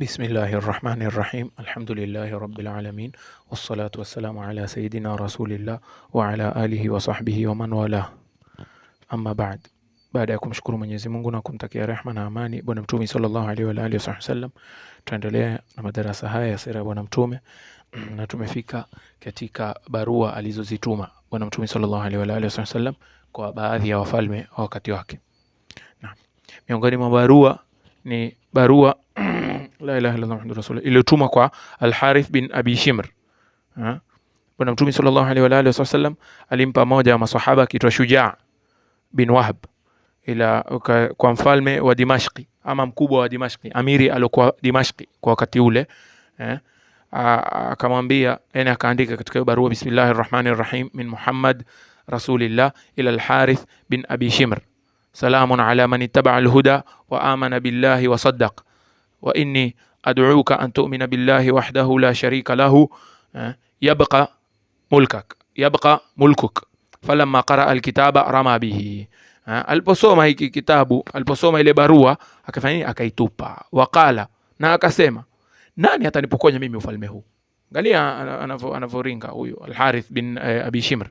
Bismillahi rahmani rahim, alhamdulillahi rabbil alamin, wassalatu wassalamu ala sayidina rasulillah wa ala alihi wa sahbihi wa man wala, amma ba'd. Baada ya kumshukuru Mwenyezi Mungu na kumtakia rehma na amani Bwana Mtume sallallahu alaihi wa alihi wasallam, tunaendelea na madarasa haya ya sira ya Bwana Mtume na tumefika katika barua alizozituma Bwana Mtume sallallahu alaihi wa alihi wasallam kwa baadhi ya wafalme wa wakati wake. Naam, miongoni mwa barua ni barua la ilaha illallah muhammadur rasulullah iliyotumwa kwa Alharith bin Abi Shimr ha? Bwana Mtume sallallahu alaihi wa alihi wasallam alimpa moja wa masahaba akiitwa Shujaa bin Wahb ila kwa mfalme wa Dimashqi ama mkubwa wa Dimashqi, amiri aliokuwa Dimashqi kwa wakati ule eh? Akamwambia, yani akaandika katika hiyo barua, bismillahir rahmanir rahim min Muhammad rasulillah ila Alharith bin Abi Shimr salamun ala man ittaba alhuda wa amana billahi wa saddaq wa inni ad'uka an tu'mina billahi wahdahu la sharika lahu eh, yabqa mulkak yabqa mulkuk falamma qara alkitaba rama bihi eh, Aliposoma hiki kitabu, aliposoma ile barua akafanya nini? Akaitupa. Waqala, na akasema, nani atanipokonya mimi ufalme huu? Angalia anavyoringa huyu Alharith bin eh, Abi Shimr,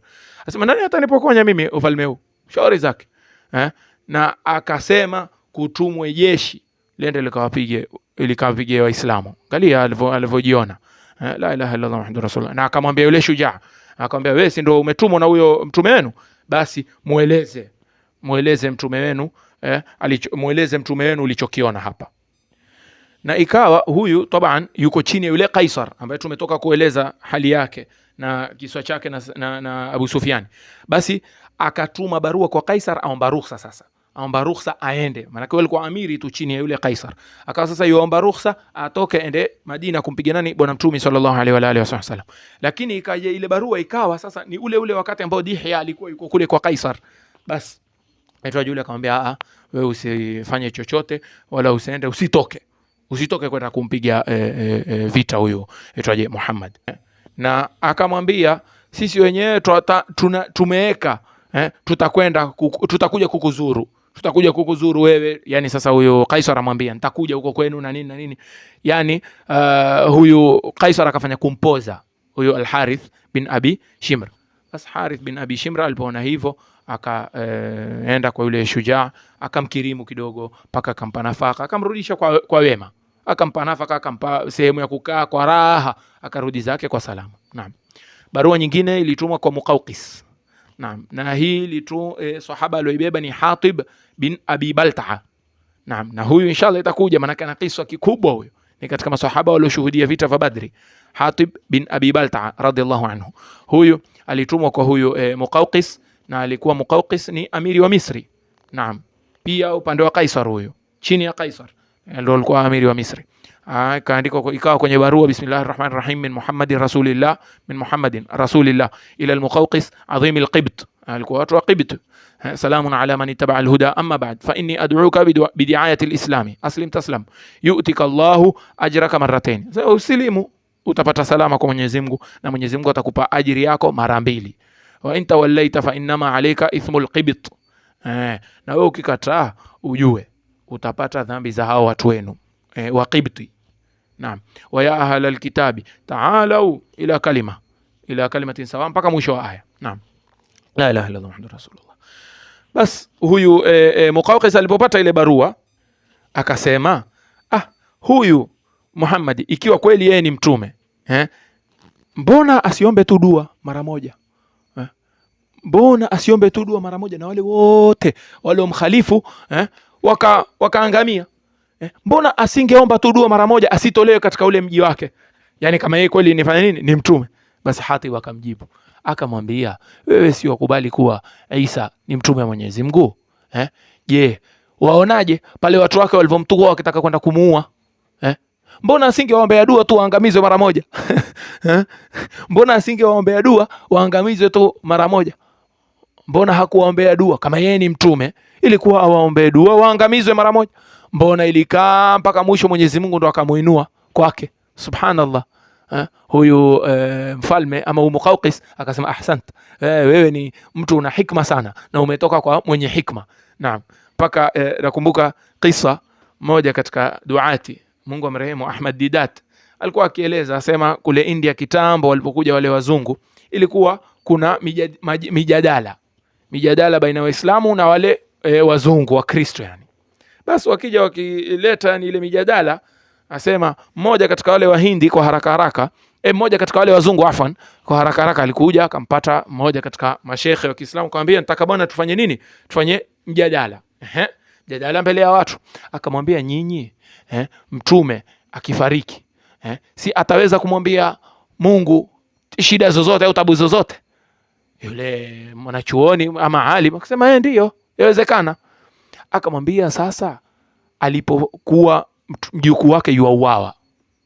asema nani atanipokonya mimi ufalme huu? Shauri zake eh? na akasema kutumwe jeshi liende likawapige likawapigia Waislamu. Angalia alivyojiona eh, la ilaha illallah muhammadur rasulullah. Na akamwambia yule shujaa, akamwambia wewe, si ndio umetumwa na huyo mtume wenu? Basi mueleze mueleze mtume wenu eh, mueleze mtume wenu ulichokiona hapa. Na ikawa huyu taban yuko chini ya yule Kaisar ambaye tumetoka kueleza hali yake na kiswa chake na, na, na Abu Sufyan. Basi akatuma barua kwa Kaisar aomba ruhusa sasa amba ruhusa aende, maanake alikuwa amiri tu chini ya yule Kaisar. Akawa sasa yuomba ruhusa atoke ende Madina kumpiga nani, bwana Mtume sallallahu alaihi wa alihi wasallam. Lakini ikaja ile barua, ikawa sasa ni ule ule wakati ambao Dihya alikuwa yuko kule kwa Kaisar, basi aitwa yule akamwambia, a wewe usifanye chochote wala usiende, usitoke, usitoke kwenda kumpiga e, e, e, vita huyo aitwaje Muhammad, na akamwambia sisi wenyewe tumeweka eh, tutakwenda kuku, tutakuja kukuzuru tutakuja kukuzuru wewe. Yani sasa huyu Kaisar amwambia nitakuja huko kwenu na nini na nini. Yani uh, huyu Kaisar akafanya kumpoza huyu Al Harith bin Abi Shimr. Bas Harith bin Abi Shimr alipoona hivyo akaenda uh, kwa yule shujaa akamkirimu kidogo mpaka akampa nafaka akamrudisha kwa, kwa wema akampa nafaka akampa sehemu ya kukaa kwa raha akarudi zake kwa salama. Naam. Barua nyingine ilitumwa kwa Muqawqis Naam, na hili tu eh, sahaba aliyoibeba ni Hatib bin Abi Baltaa. Naam, na huyu inshallah itakuja, maanake ana kisa kikubwa huyo, ni katika masahaba walioshuhudia vita vya Badri. Hatib bin Abi Baltaa radhiallahu anhu, huyu alitumwa kwa huyu eh, Muqawqis, na alikuwa Muqawqis ni amiri wa Misri. Naam, pia upande wa Kaisar huyo, chini ya Kaisar ndio alikuwa amiri wa Misri. Ah, ikaandikwa ikawa kwenye barua, bismillahir rahmanir rahim min muhammadin rasulillah min muhammadin rasulillah ila almuqawqis adhim alqibt, ah, alikuwa watu wa Qibt. Salamun ala man ittaba alhuda amma ba'd fa inni ad'uka bidiayati alislam aslim taslam yu'tika Allahu ajraka marratayn. Sasa usilimu utapata salama kwa Mwenyezi Mungu na Mwenyezi Mungu atakupa ajiri yako mara mbili. Wa inta wallaita fa innama alayka ithmul qibt. Eh, na wewe ukikataa ujue utapata dhambi za hao watu wenu e, wa Qibti. Naam, wa ya ahla alkitabi taalau ila kalima ila kalimatin sawa mpaka mwisho wa aya. Naam, la ilaha illa Allah muhammadur rasulullah. Bas huyu e, e, Muqawqis alipopata ile barua akasema, ah, huyu Muhammad ikiwa kweli yeye ni mtume eh, mbona asiombe tu dua mara moja eh? Mbona asiombe tu dua mara moja na wale wote waliomkhalifu eh? waka wakaangamia eh, mbona asingeomba tu dua mara moja asitolewe katika ule mji wake? Yani kama yeye kweli nifanya nini, ni mtume basi. hati wakamjibu akamwambia, wewe si wakubali kuwa Isa ni mtume wa Mwenyezi Mungu eh? Je, waonaje pale watu wake walivomtukua wakitaka kwenda kumuua eh? Mbona asingewaombea dua tu waangamizwe mara moja? Eh, mbona asingewaombea dua waangamizwe tu mara moja? Mbona hakuwaombea dua? Kama yeye ni mtume, ilikuwa awaombee dua waangamizwe mara moja. Mbona ilikaa mpaka mwisho? Mwenyezi Mungu ndo akamuinua kwake, subhanallah. Ha, eh, huyu e, mfalme ama huyu Muqawqis akasema ahsant, e, wewe ni mtu una hikma sana na umetoka kwa mwenye hikma. Naam, mpaka e, nakumbuka kisa moja katika duati, Mungu amrehemu Ahmad Didat alikuwa akieleza asema, kule India kitambo walipokuja wale wazungu, ilikuwa kuna mijadala mijadala baina ya Waislamu na wale e, wazungu wa Kristo yani. Basi wakija wakileta yani ile mijadala, asema mmoja katika wale Wahindi kwa haraka haraka e, mmoja katika wale wazungu afwan, kwa haraka haraka alikuja akampata mmoja katika mashehe wa Kiislamu, akamwambia nataka bwana, tufanye nini? Tufanye mjadala, ehe, mjadala mbele ya watu. Akamwambia nyinyi, eh, mtume akifariki, eh, si ataweza kumwambia Mungu shida zozote au tabu zozote yule mwanachuoni ama alim akasema yeye eh, ndio yawezekana. Akamwambia sasa, alipokuwa mjukuu wake yuauawa,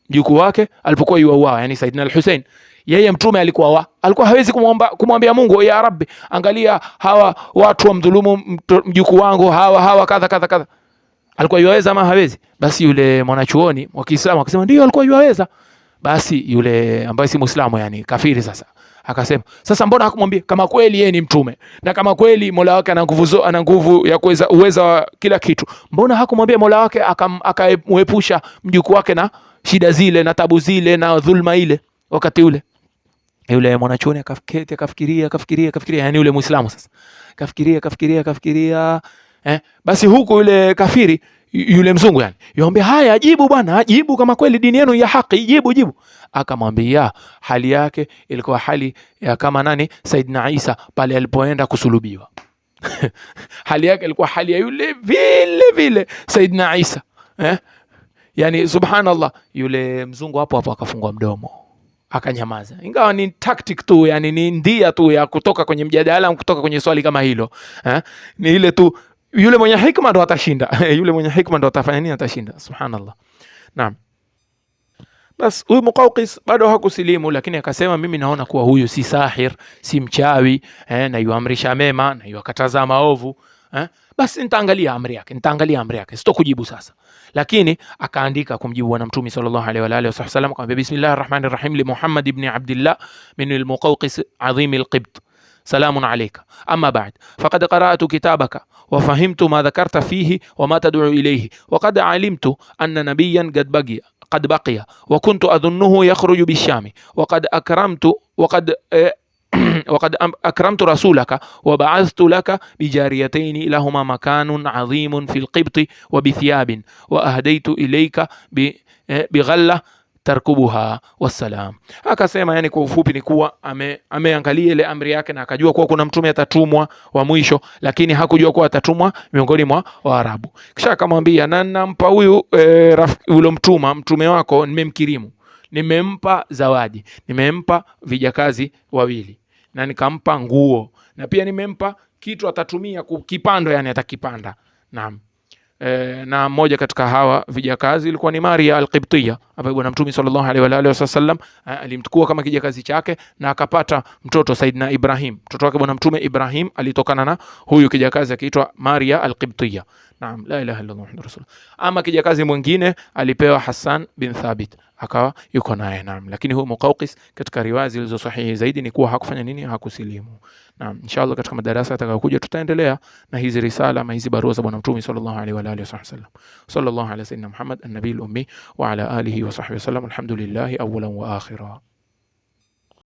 mjukuu wake alipokuwa yuauawa, yani Saidina al-Hussein, yeye mtume alikuwa wa alikuwa hawezi kumwomba kumwambia Mungu, ya Rabbi, angalia hawa watu wamdhulumu mjukuu wangu, hawa hawa kadha kadha kadha. Alikuwa yuwaweza ama hawezi? Basi yule mwanachuoni wa Kiislamu akasema ndio, alikuwa yuwaweza. Basi yule ambaye si Muislamu, yani kafiri, sasa akasema, sasa mbona hakumwambia kama kweli yeye ni mtume na kama kweli Mola wake ana nguvu, ana nguvu ya kuweza uweza wa kila kitu, mbona hakumwambia Mola wake akamwepusha mjukuu wake na shida zile na tabu zile na dhulma ile? Wakati ule yule mwanachuoni akaketi akafikiria akafikiria akafikiria, yani yule Muislamu sasa kafikiria kafikiria kafikiria, eh, basi huku yule kafiri yule mzungu yani, yamwambia haya, ajibu bwana, ajibu kama kweli dini yenu ya haki, jibu jibu. Akamwambia hali yake ilikuwa hali ya kama nani, Saidina Isa pale alipoenda kusulubiwa hali yake ilikuwa hali ya yule vile vile Saidina Isa eh? Yani subhanallah, yule mzungu hapo hapo akafungua mdomo akanyamaza, ingawa ni tactic tu, yani ni ndia tu ya kutoka kwenye mjadala, kutoka kwenye swali kama hilo eh? ni ile tu yule mwenye hikma ndo atashinda yule mwenye hikma ndo atafanya nini? Atashinda. Subhanallah. Naam. Bas huyu Muqawqis bado hakusilimu, lakini akasema mimi naona kuwa huyu si sahir, si mchawi eh, na yuamrisha mema na yuakataza maovu eh. Basi nitaangalia amri yake, nitaangalia amri yake, sitokujibu sasa. Lakini akaandika kumjibu Bwana Mtume sallallahu alaihi wa alihi wasallam, akamwambia bismillahir rahmanir rahim li Muhammad ibn Abdullah min al-Muqawqis azim al-Qibt سلام عليك أما بعد فقد قرأت كتابك وفهمت ما ذكرت فيه وما تدعو إليه وقد علمت أن نبيا قد بقي قد بقي وكنت أظنه يخرج بالشام وقد أكرمت وقد وقد أكرمت رسولك وبعثت لك بجاريتين لهما مكان عظيم في القبط وبثياب وأهديت إليك بغلة tarkubuha wassalam. Akasema yani kwa ufupi ni kuwa ame, ameangalia ile amri yake na akajua kuwa kuna mtume atatumwa wa mwisho, lakini hakujua kuwa atatumwa miongoni mwa Waarabu. Kisha akamwambia na nampa huyu e, ule mtuma mtume wako nimemkirimu, nimempa zawadi, nimempa vijakazi wawili na nikampa nguo na pia nimempa kitu atatumia kukipando, yani atakipanda. Naam. E, na mmoja katika hawa vijakazi ilikuwa ni Maria al-Qibtiya ambaye bwana Mtume sallallahu alaihi wa alihi wasallam eh, alimchukua kama kijakazi chake na akapata mtoto Saidna Ibrahim. Mtoto wake bwana Mtume Ibrahim alitokana na huyu kijakazi akiitwa Maria al-Qibtiya. Naam, la ilaha Allah Muhammadur Rasulullah. Ama kijakazi mwingine alipewa Hassan bin Thabit akawa yuko naye naam. Lakini huyu Muqawqis katika riwaya zilizo sahihi zaidi ni kuwa hakufanya nini, hakusilimu. Naam, inshallah katika madarasa atakayokuja tutaendelea na hizi risala ama hizi barua za bwana mtume sallallahu alaihi wa alihi wasallam. Sallallahu ala sayyidina Muhammad an-nabiyil ummi wa ala alihi wa sahbihi wasallam. Alhamdulillah awwalan wa akhira.